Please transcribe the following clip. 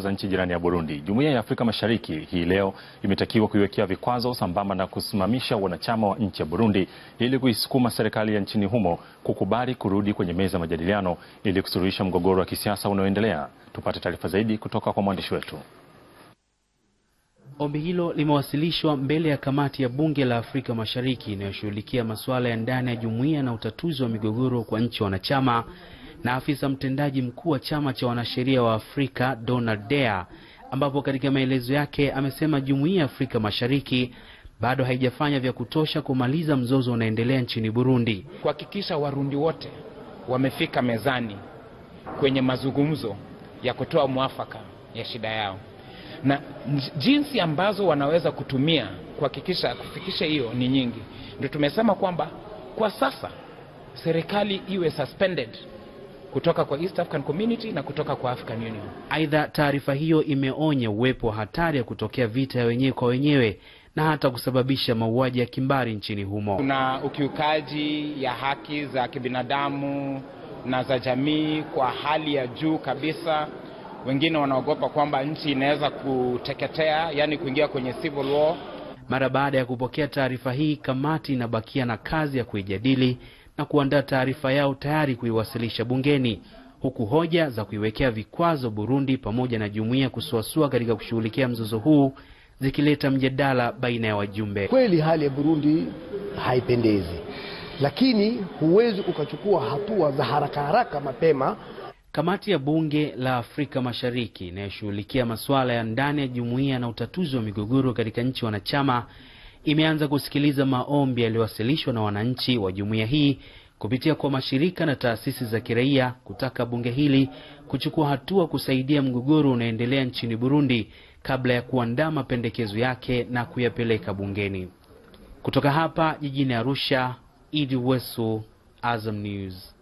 za nchi jirani ya Burundi, Jumuiya ya Afrika Mashariki hii leo imetakiwa kuiwekea vikwazo sambamba na kusimamisha wanachama wa nchi ya Burundi ili kuisukuma serikali ya nchini humo kukubali kurudi kwenye meza majadiliano ili kusuluhisha mgogoro wa kisiasa unaoendelea. Tupate taarifa zaidi kutoka kwa mwandishi wetu. Ombi hilo limewasilishwa mbele ya kamati ya bunge la Afrika Mashariki inayoshughulikia masuala ya ndani ya jumuiya na utatuzi wa migogoro kwa nchi wanachama na afisa mtendaji mkuu wa chama cha wanasheria wa Afrika Donald Dea, ambapo katika maelezo yake amesema jumuiya ya Afrika Mashariki bado haijafanya vya kutosha kumaliza mzozo unaendelea nchini Burundi, kuhakikisha Warundi wote wamefika mezani kwenye mazungumzo ya kutoa mwafaka ya shida yao na jinsi ambazo wanaweza kutumia kuhakikisha kufikisha hiyo ni nyingi. Ndio tumesema kwamba kwa sasa serikali iwe suspended kutoka kwa East African Community na kutoka kwa African Union. Aidha, taarifa hiyo imeonya uwepo wa hatari ya kutokea vita ya wenyewe kwa wenyewe na hata kusababisha mauaji ya kimbari nchini humo. Kuna ukiukaji ya haki za kibinadamu na za jamii kwa hali ya juu kabisa. Wengine wanaogopa kwamba nchi inaweza kuteketea, yani kuingia kwenye civil war. Mara baada ya kupokea taarifa hii, kamati inabakia na kazi ya kuijadili na kuandaa taarifa yao tayari kuiwasilisha bungeni huku hoja za kuiwekea vikwazo Burundi pamoja na jumuiya kusuasua katika kushughulikia mzozo huu zikileta mjadala baina ya wajumbe. Kweli hali ya Burundi haipendezi, lakini huwezi ukachukua hatua za haraka haraka mapema. Kamati ya Bunge la Afrika Mashariki inayoshughulikia masuala ya ndani ya jumuiya na utatuzi wa migogoro katika nchi wanachama imeanza kusikiliza maombi yaliyowasilishwa na wananchi wa jumuiya hii kupitia kwa mashirika na taasisi za kiraia kutaka bunge hili kuchukua hatua kusaidia mgogoro unaoendelea nchini Burundi kabla ya kuandaa mapendekezo yake na kuyapeleka bungeni. Kutoka hapa jijini Arusha, Idi Wesu, Azam News.